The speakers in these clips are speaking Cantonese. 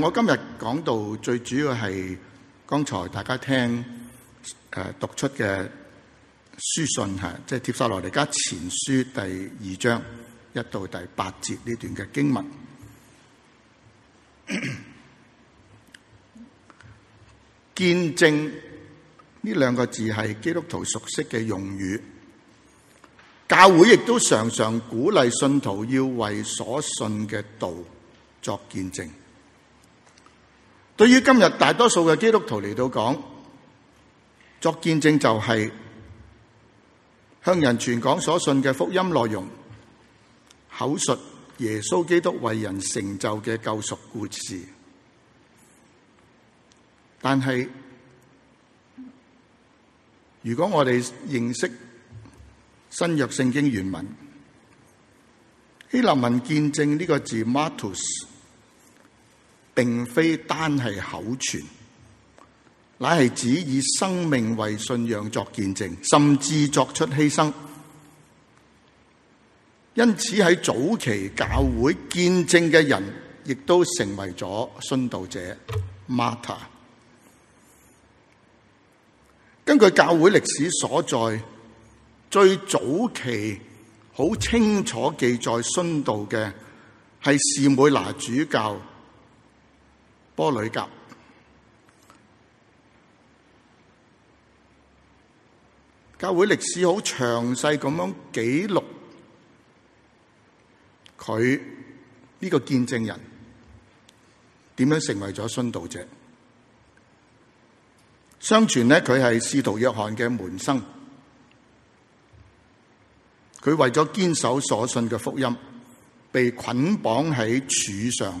我今日講到最主要係剛才大家聽誒讀出嘅書信吓，即係帖撒羅尼加前書第二章一到第八節呢段嘅經文，咳咳見證呢兩個字係基督徒熟悉嘅用語，教會亦都常常鼓勵信徒要為所信嘅道作見證。對於今日大多數嘅基督徒嚟到講，作見證就係向人傳講所信嘅福音內容，口述耶穌基督為人成就嘅救贖故事。但係如果我哋認識新約聖經原文，希臘文見證呢個字 martus。並非單係口傳，乃係指以生命為信仰作見證，甚至作出犧牲。因此喺早期教會見證嘅人，亦都成為咗殉道者。Martyr 根據教會歷史所在，最早期好清楚記載殉道嘅係士每拿主教。波旅甲，教會歷史好詳細咁樣記錄佢呢，這個見證人點樣成為咗殉道者。相傳呢，佢係使徒約翰嘅門生，佢為咗堅守所信嘅福音，被捆綁喺柱上。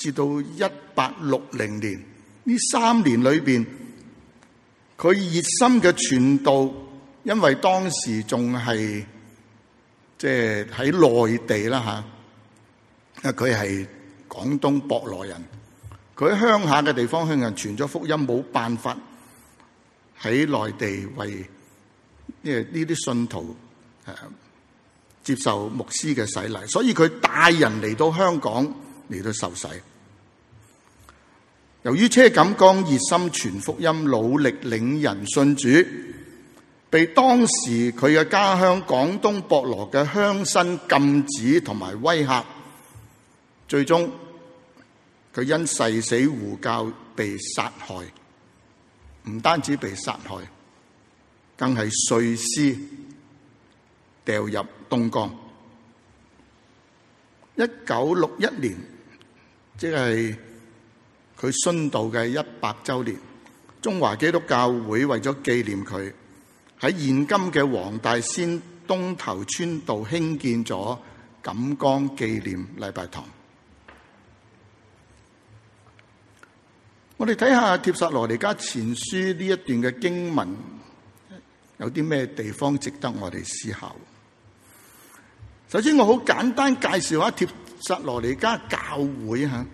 至到一八六零年，呢三年裏邊，佢熱心嘅傳道，因為當時仲係即係喺內地啦吓，啊佢係廣東博羅人，佢喺鄉下嘅地方向人傳咗福音，冇辦法喺內地為即係呢啲信徒誒接受牧師嘅洗禮，所以佢帶人嚟到香港嚟到受洗。由於車錦江熱心傳福音、努力領人信主，被當時佢嘅家鄉廣東博羅嘅鄉紳禁止同埋威嚇，最終佢因誓死護教被殺害，唔單止被殺害，更係碎屍掉入東江。一九六一年，即係。佢殉道嘅一百周年，中華基督教會為咗紀念佢，喺現今嘅黃大仙東頭村度興建咗錦江紀念禮拜堂。我哋睇下帖撒羅尼加前書呢一段嘅經文，有啲咩地方值得我哋思考？首先，我好簡單介紹下帖撒羅尼加教會吓。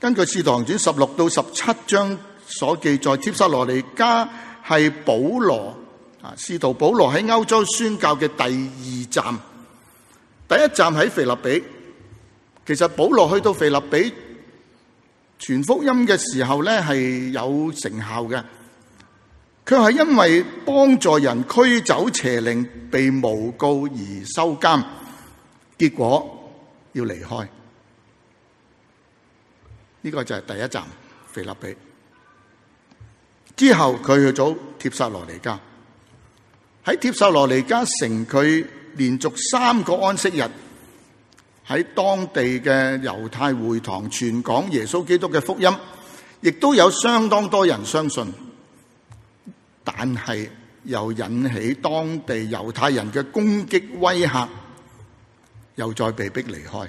根據《使徒行傳》十六到十七章所記載，帖撒羅尼加係保羅啊，使徒保羅喺歐洲宣教嘅第二站，第一站喺腓立比。其實保羅去到腓立比傳福音嘅時候呢，係有成效嘅，佢係因為幫助人驅走邪靈，被誣告而收監，結果要離開。呢個就係第一站，腓立比。之後佢去咗帖撒羅尼加，喺帖撒羅尼加城，佢連續三個安息日喺當地嘅猶太會堂傳講耶穌基督嘅福音，亦都有相當多人相信，但係又引起當地猶太人嘅攻擊威嚇，又再被逼離開。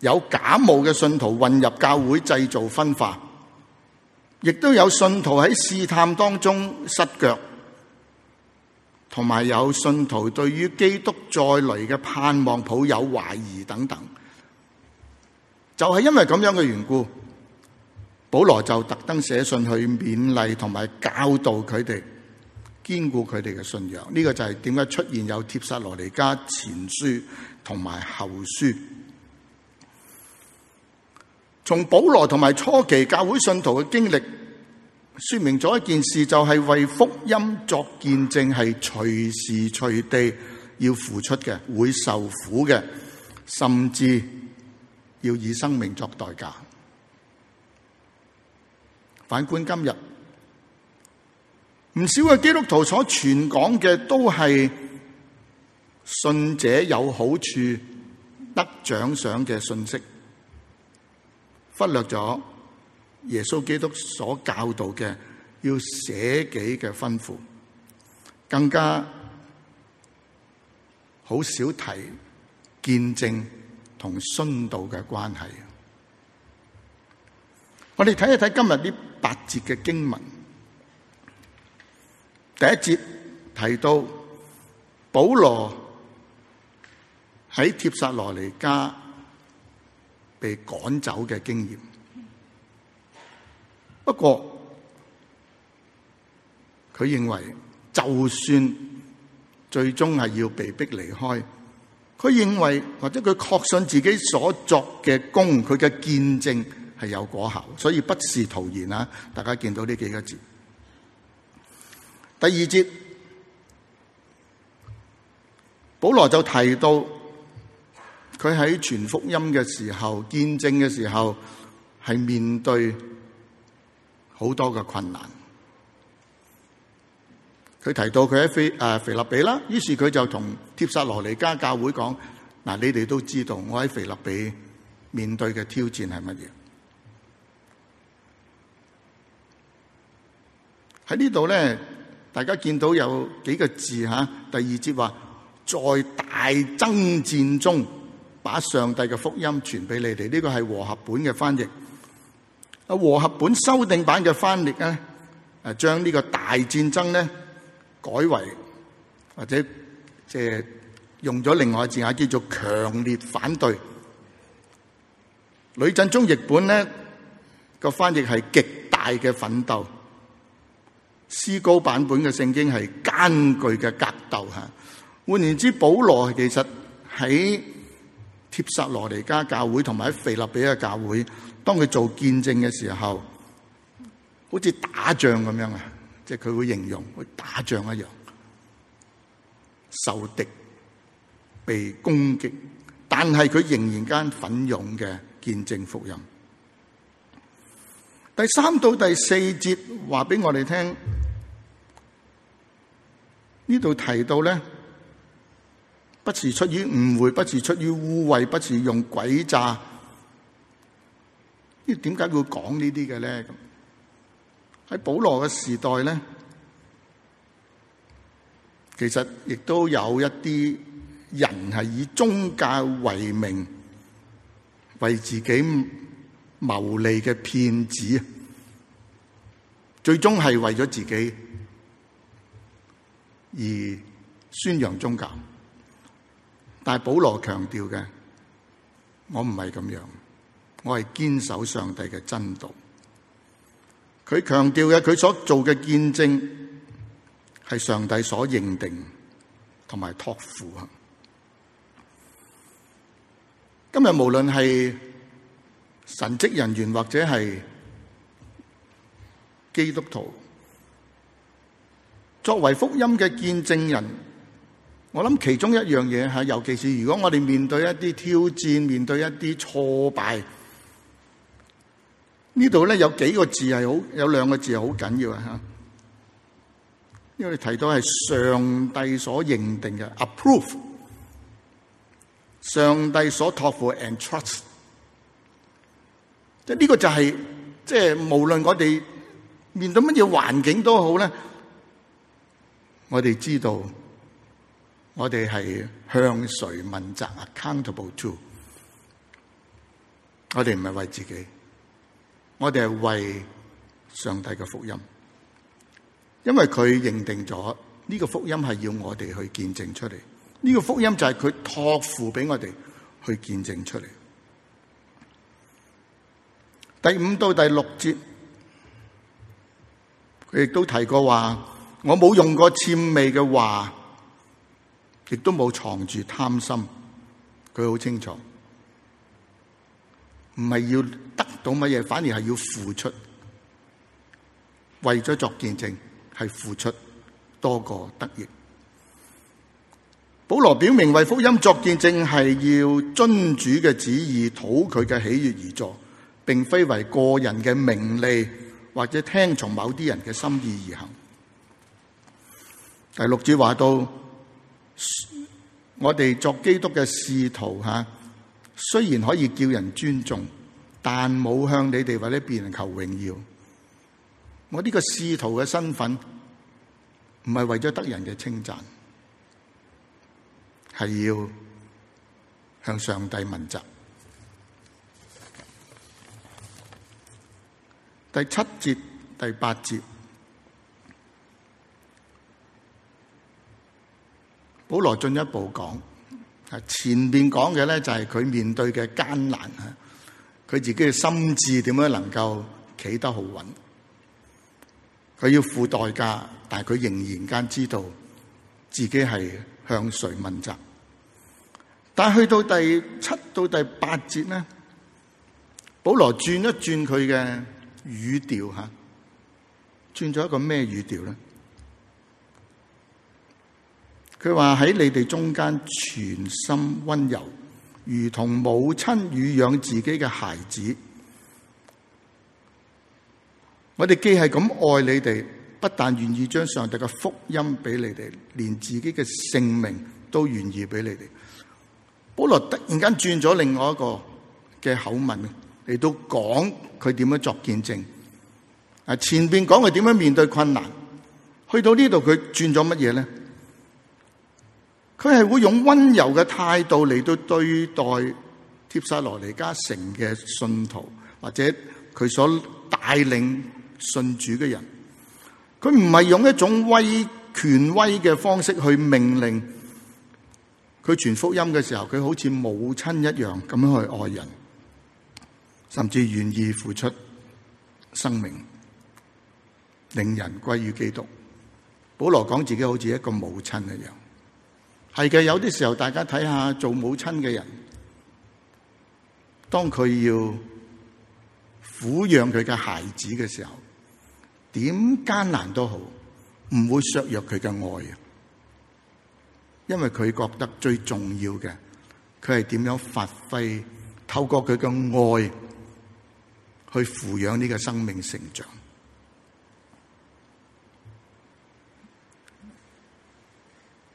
有假冒嘅信徒混入教會製造分化，亦都有信徒喺試探當中失腳，同埋有信徒對於基督再嚟嘅盼望抱有懷疑等等。就係、是、因為咁樣嘅緣故，保羅就特登寫信去勉勵同埋教導佢哋，堅固佢哋嘅信仰。呢、這個就係點解出現有帖撒羅尼加前書同埋後書。從保羅同埋初期教會信徒嘅經歷，說明咗一件事，就係為福音作見證，係隨時隨地要付出嘅，會受苦嘅，甚至要以生命作代價。反觀今日，唔少嘅基督徒所傳講嘅，都係信者有好處、得獎賞嘅信息。忽略咗耶穌基督所教導嘅，要捨己嘅吩咐，更加好少提見證同殉道嘅關係。我哋睇一睇今日呢八節嘅經文，第一節提到保羅喺帖撒羅尼加，被趕走嘅經驗。不過佢認，認為，就算最終係要被逼離開，佢認為或者佢確信自己所作嘅工，佢嘅見證係有果效，所以不是徒然啊！大家見到呢幾個字。第二節，保羅就提到。佢喺傳福音嘅時候，見證嘅時候，係面對好多嘅困難。佢提到佢喺菲誒腓立比啦，於是佢就同帖撒羅尼加教會講：嗱，你哋都知道我喺腓立比面對嘅挑戰係乜嘢？喺呢度呢，大家見到有幾個字吓，第二節話在大爭戰中。把上帝嘅福音傳俾你哋呢，這個係和合本嘅翻譯啊。和合本修訂版嘅翻譯咧，誒將呢個大戰爭咧改為或者即係用咗另外一個字眼叫做強烈反對。呂振中譯本咧個翻譯係極大嘅奮鬥。思高版本嘅聖經係艱巨嘅格鬥吓。換言之，保羅其實喺。帖撒羅尼加教會同埋喺腓立比嘅教會，當佢做見證嘅時候，好似打仗咁樣啊！即係佢會形容，會打仗一樣，受敵被攻擊，但係佢仍然間奮勇嘅見證福音。第三到第四節話俾我哋聽，呢度提到咧。不是出於誤會，不是出於污穢，不是用詭詐。會呢點解會講呢啲嘅咧？咁喺保羅嘅時代咧，其實亦都有一啲人係以宗教為名，為自己牟利嘅騙子，最終係為咗自己而宣揚宗教。但係保羅強調嘅，我唔係咁樣，我係堅守上帝嘅真道。佢強調嘅，佢所做嘅見證係上帝所認定同埋托付啊！今日無論係神職人員或者係基督徒，作為福音嘅見證人。我諗其中一樣嘢吓，尤其是如果我哋面對一啲挑戰，面對一啲挫敗，呢度咧有幾個字係好，有兩個字係好緊要嘅吓。因為我哋提到係上帝所認定嘅 approve，上帝所託付 and trust，即係呢個就係，即係無論我哋面對乜嘢環境都好咧，我哋知道。我哋係向誰問責？Accountable to。我哋唔係為自己，我哋係為上帝嘅福音。因為佢認定咗呢個福音係要我哋去見證出嚟，呢個福音就係佢托付俾我哋去見證出嚟。第五到第六節，佢亦都提過話：我冇用過諂媚嘅話。亦都冇藏住貪心，佢好清楚，唔係要得到乜嘢，反而係要付出，為咗作見證係付出多過得益。保羅表明為福音作見證係要遵主嘅旨意，討佢嘅喜悅而作，並非為個人嘅名利或者聽從某啲人嘅心意而行。第六節話到。我哋作基督嘅使徒吓，雖然可以叫人尊重，但冇向你哋或者別人求榮耀。我呢個使徒嘅身份，唔係為咗得人嘅稱讚，係要向上帝問責。第七節、第八節。保羅進一步講，啊，前面講嘅咧就係佢面對嘅艱難啊，佢自己嘅心智點樣能夠企得好穩？佢要付代價，但係佢仍然間知道自己係向誰問責。但係去到第七到第八節咧，保羅轉一轉佢嘅語調吓，轉咗一個咩語調咧？佢話喺你哋中間全心溫柔，如同母親乳養自己嘅孩子。我哋既係咁愛你哋，不但願意將上帝嘅福音俾你哋，連自己嘅性命都願意俾你哋。保羅突然間轉咗另外一個嘅口吻嚟到講佢點樣作見證。啊，前邊講佢點樣面對困難，去到呢度佢轉咗乜嘢咧？佢係會用溫柔嘅態度嚟到對待帖撒羅尼迦城嘅信徒，或者佢所帶領信主嘅人，佢唔係用一種威權威嘅方式去命令佢傳福音嘅時候，佢好似母親一樣咁樣去愛人，甚至願意付出生命，令人歸於基督。保羅講自己好似一個母親一樣。係嘅，有啲時候大家睇下做母親嘅人，當佢要撫養佢嘅孩子嘅時候，點艱難都好，唔會削弱佢嘅愛啊！因為佢覺得最重要嘅，佢係點樣發揮透過佢嘅愛去撫養呢個生命成長。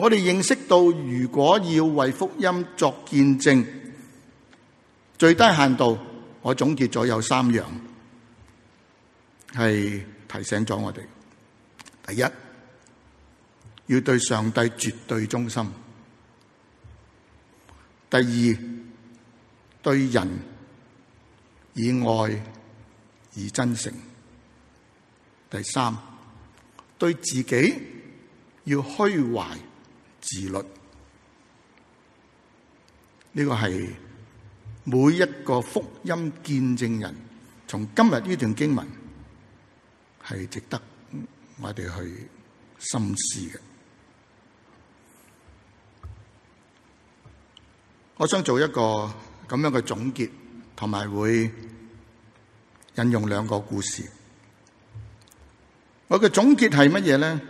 我哋認識到，如果要為福音作見證，最低限度，我總結咗有三樣，係提醒咗我哋：第一，要對上帝絕對忠心；第二，對人以愛以真誠；第三，對自己要虛懷。自律，呢個係每一個福音見證人從今日呢段經文係值得我哋去深思嘅。我想做一個咁樣嘅總結，同埋會引用兩個故事。我嘅總結係乜嘢咧？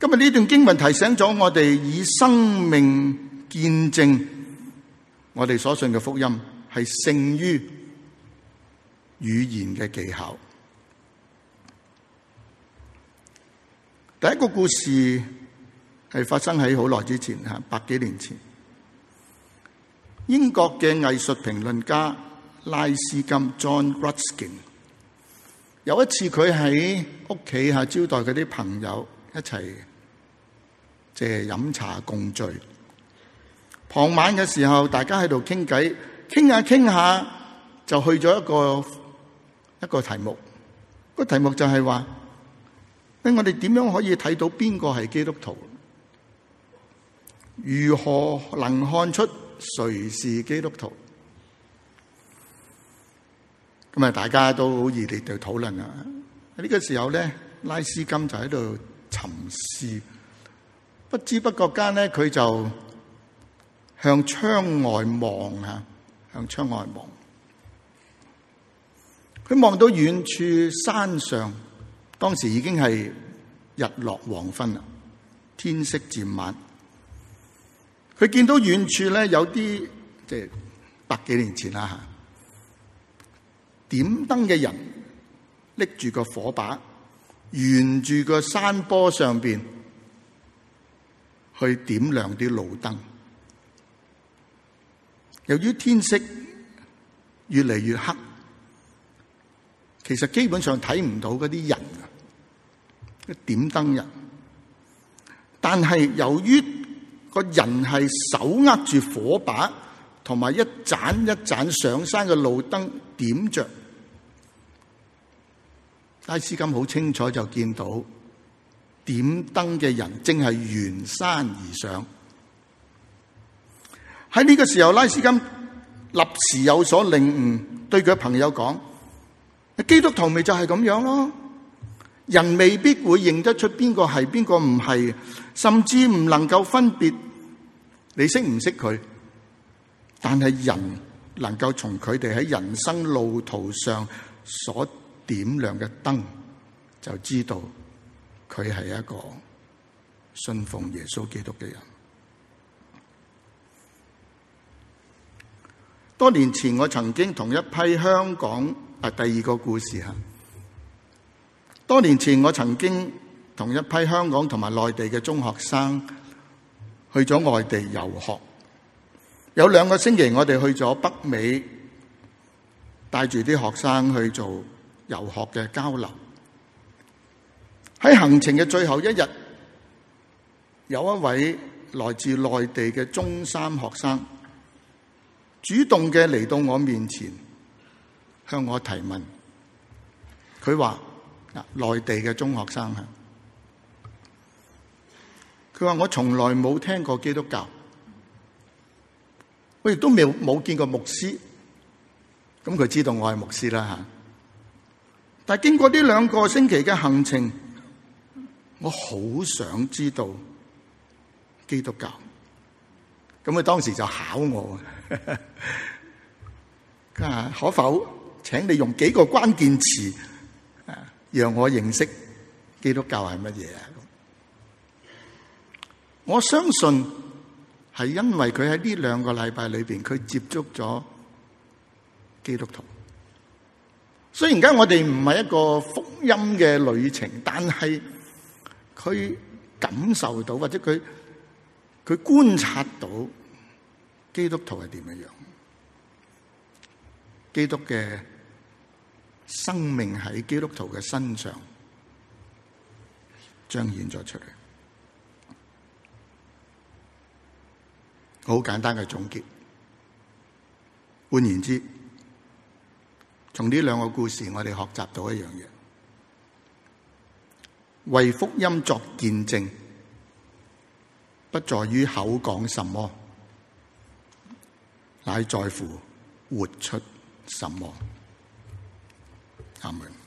今日呢段經文提醒咗我哋，以生命見證我哋所信嘅福音，係勝於語言嘅技巧。第一個故事係發生喺好耐之前，吓百幾年前，英國嘅藝術評論家拉斯金 （John Ruskin） 有一次佢喺屋企下招待佢啲朋友一齊。嘅飲茶共聚，傍晚嘅時候，大家喺度傾偈，傾下傾下就去咗一個一個題目。個題目就係話：，誒，我哋點樣可以睇到邊個係基督徒？如何能看出誰是基督徒？咁啊，大家都好熱烈地討論啊。喺、這、呢個時候咧，拉斯金就喺度沉思。不知不覺間咧，佢就向窗外望啊，向窗外望。佢望到遠處山上，當時已經係日落黃昏啦，天色漸晚。佢見到遠處咧有啲，即係百幾年前啦吓，點燈嘅人拎住個火把，沿住個山坡上邊。去點亮啲路燈。由於天色越嚟越黑，其實基本上睇唔到嗰啲人嘅點燈人。但係由於個人係手握住火把，同埋一盞一盞上山嘅路燈點着，拉斯金好清楚就見到。點燈嘅人正係沿山而上，喺呢個時候，拉斯金立時有所領悟，對佢嘅朋友講：基督徒咪就係咁樣咯，人未必會認得出邊個係邊個唔係，甚至唔能夠分別你識唔識佢，但係人能夠從佢哋喺人生路途上所點亮嘅燈就知道。佢係一個信奉耶穌基督嘅人。多年前我曾經同一批香港啊，第二個故事吓。多年前我曾經同一批香港同埋內地嘅中學生去咗外地遊學，有兩個星期，我哋去咗北美，帶住啲學生去做遊學嘅交流。喺行程嘅最後一日，有一位來自內地嘅中三學生主動嘅嚟到我面前，向我提問。佢話：內地嘅中學生啊，佢話我從來冇聽過基督教，我亦都未冇見過牧師。咁佢知道我係牧師啦嚇。但係經過呢兩個星期嘅行程。我好想知道基督教，咁佢當時就考我，呵呵，佢話可否請你用幾個關鍵詞，誒讓我認識基督教係乜嘢啊？我相信係因為佢喺呢兩個禮拜裏邊，佢接觸咗基督徒。雖然而家我哋唔係一個福音嘅旅程，但係。可以感受到，或者佢佢觀察到基督徒係點樣樣，基督嘅生命喺基督徒嘅身上彰顯咗出嚟。好簡單嘅總結。換言之，從呢兩個故事，我哋學習到一樣嘢。為福音作見證，不在於口講什麼，乃在乎活出什麼。阿門。